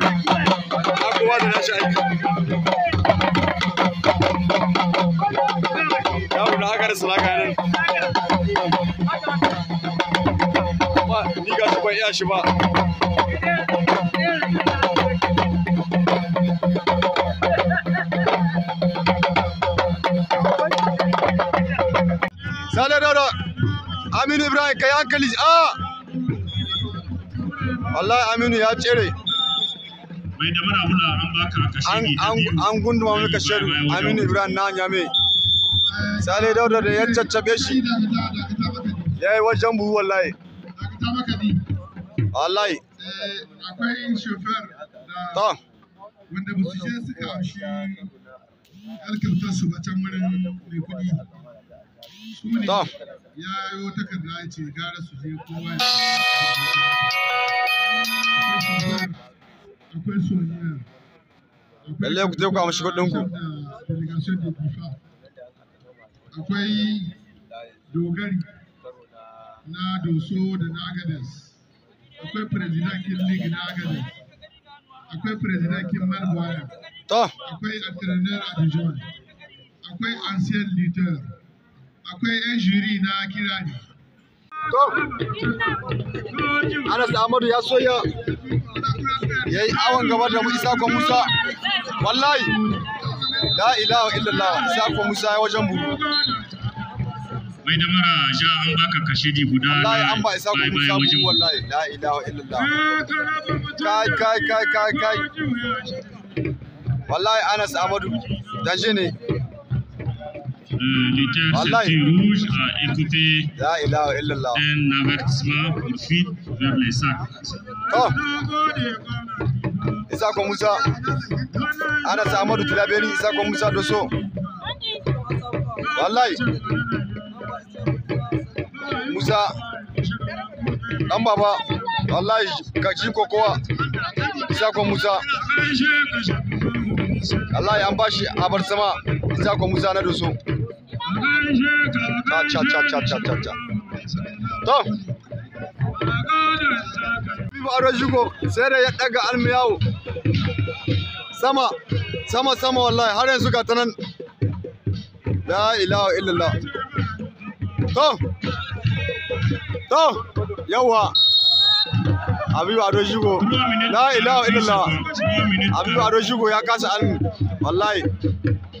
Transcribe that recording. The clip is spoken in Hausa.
kowa da nashi aiki da haka kai hankali ah! Wallahi Aminu ya cire da an baka kashe an gunduma aminu ibrahim na nyame sale dauda da ya caccabe shi ya wajen buhu wallahi wallahi akwai shofar da wanda musu su a can wurin mai kuɗi su ya yi wata kan ce gara su je kowa ya lallai ku taimaka mashi kuɗin ku akwai dogari na doso da na agadez. akwai prezidakin league na agadez. akwai prezidakin malbuwaya akwai entrepreneur adijon akwai ancien leader akwai yan jiri na kirani to anas amadu ya soya ya yi awon gaba da mu isa ko musa wallahi la ilaha illallah isa ko musa ya wajen buru mai da mara sha an baka kashedi guda an ba isa ko musa mu wallahi la ilaha illallah kai kai kai kai kai wallahi anas amadu danje ne eh, les ah, textes Isako Musa ana Anas Ahmadu Isa Isako Musa Doso wallahi Musa dan baba wallahi kaji kokowa Isako Musa wallahi an bashi abar sama Isa Isako Musa na Doso cha cha cha cha cha cha to Bibu Arojugo sai da ya daga almiyawo sama sama sama wallahi har yanzu ga ta nan la ilaha illallah to to yawa Habibu Ado Shigo la ilaha illallah Habibu Ado Shigo ya kasa an wallahi